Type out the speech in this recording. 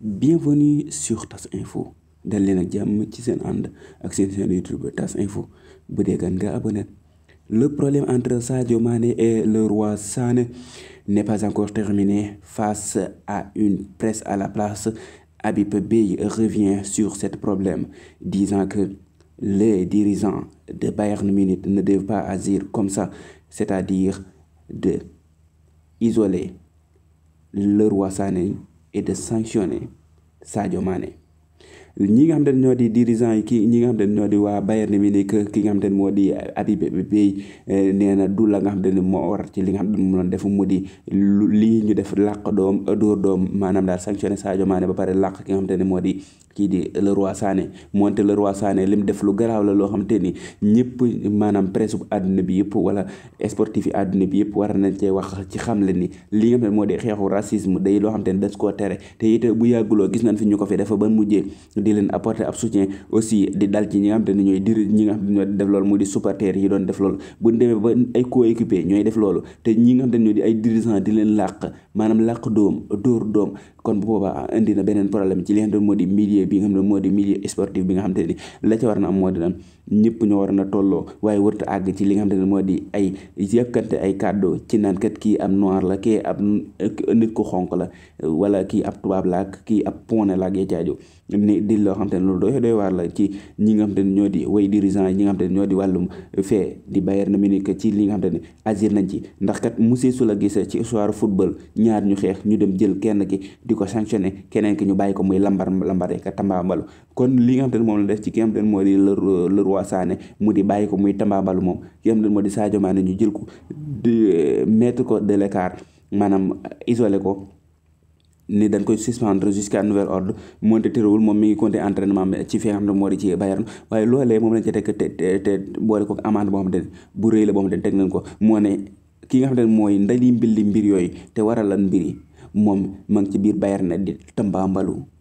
bienvenue sur tas info dal leen ak jàmm ci seen ànd ak seen chaîne youtube tas info bu dee gan le problème entre Sadio Mané et le roi Sané n'est pas encore terminé face à une presse à la place Habib Beye revient sur ce problème disant que les dirigeants de Bayern Munich ne doivent pas agir comme ça c'est-à-dire de isoler le roi Sané et de sanctionner Sadio Mané ñi nga xam ne ñoo di dirigeant yi ñi nga xam ne ñoo di waa Bayern Munich ki nga xam ne moo di Habib Beye eh, nee na du la nga xam ne moo war ci li nga xam ne moom la def mu di lii ñu def làq doom dóor doom maanaam daal sanctionné Sadio maane ba pare làq ki nga xam ne moo di kii di Leroy Sané moonte Leroy Sané lim def lu garaaw la loo xam te ni ñëpp maanaam presse bu àdduna bi yëpp wala sportif yi bi yëpp war nañ cee wax ci xam le ni li moo di xeexu racisme day loo xam te ni das koo tere te it bu yàgguloo gis nañ fi ñu ko fi dafa ba mujjee di leen apporter ab soutien aussi di dal ci ñi nga xam te ni ñi nga xam te def loolu mu di supporter yi doon def loolu bu demee ba ay coéquipier ñooy def loolu te ñi nga xam te ni ñoo di ay dirigeant di leen làq maanaam làq doom dóor doom kon bu boobaa indi na beneen problème ci li nga xam te moo di milieu milieu bi nga xam ne moo di milieu sportif bi nga xam te ni la ca war na am moo di lan ñëpp ñoo war na tolloo waaye warta àgg ci li nga xam te ne moo di ay yëkkante ay kàddu ci naan kat kii ab noir la kii ab nit ku xonk la wala kii ab tubaab la ak kii ab la ak ya caajo ni di loo xam te ne loolu doy doy waar la ñi nga xam te ñoo di way dirigeant yi ñi xam te ne ñoo di wàllum fee di Bayern Munich ci li nga xam te ne agir nañ ci ndax kat monsieur su la gisee ci histoire football ñaar ñu xeex ñu dem jël kenn ki di ko sanctionné keneen ki ñu bàyyi ko muy lambar lambaree ak tambaambalu kon li nga xam te moom la def ci ki nga xam te moo di Leroy Sané mu di bàyyi ko muy tambaambalu moom ki nga xam te ne moo ñu jël ko di euh, ko de l'écart maanaam euh, isolé ko ni dañ koy suspendre jusqu'à nouvel ordre moonte terewul moom mi ngi compté entraînement ci fi xam ne moo di ci Bayern waaye loolee moom lañ ci tekk te te boole ko amende boo xam bu rëy la boo xam ne nañ ko moo ne ki nga xam mooy ndali mbili mbir yooyu te waral lan mbiri moom ma ci biir Bayern ne di tambaambalu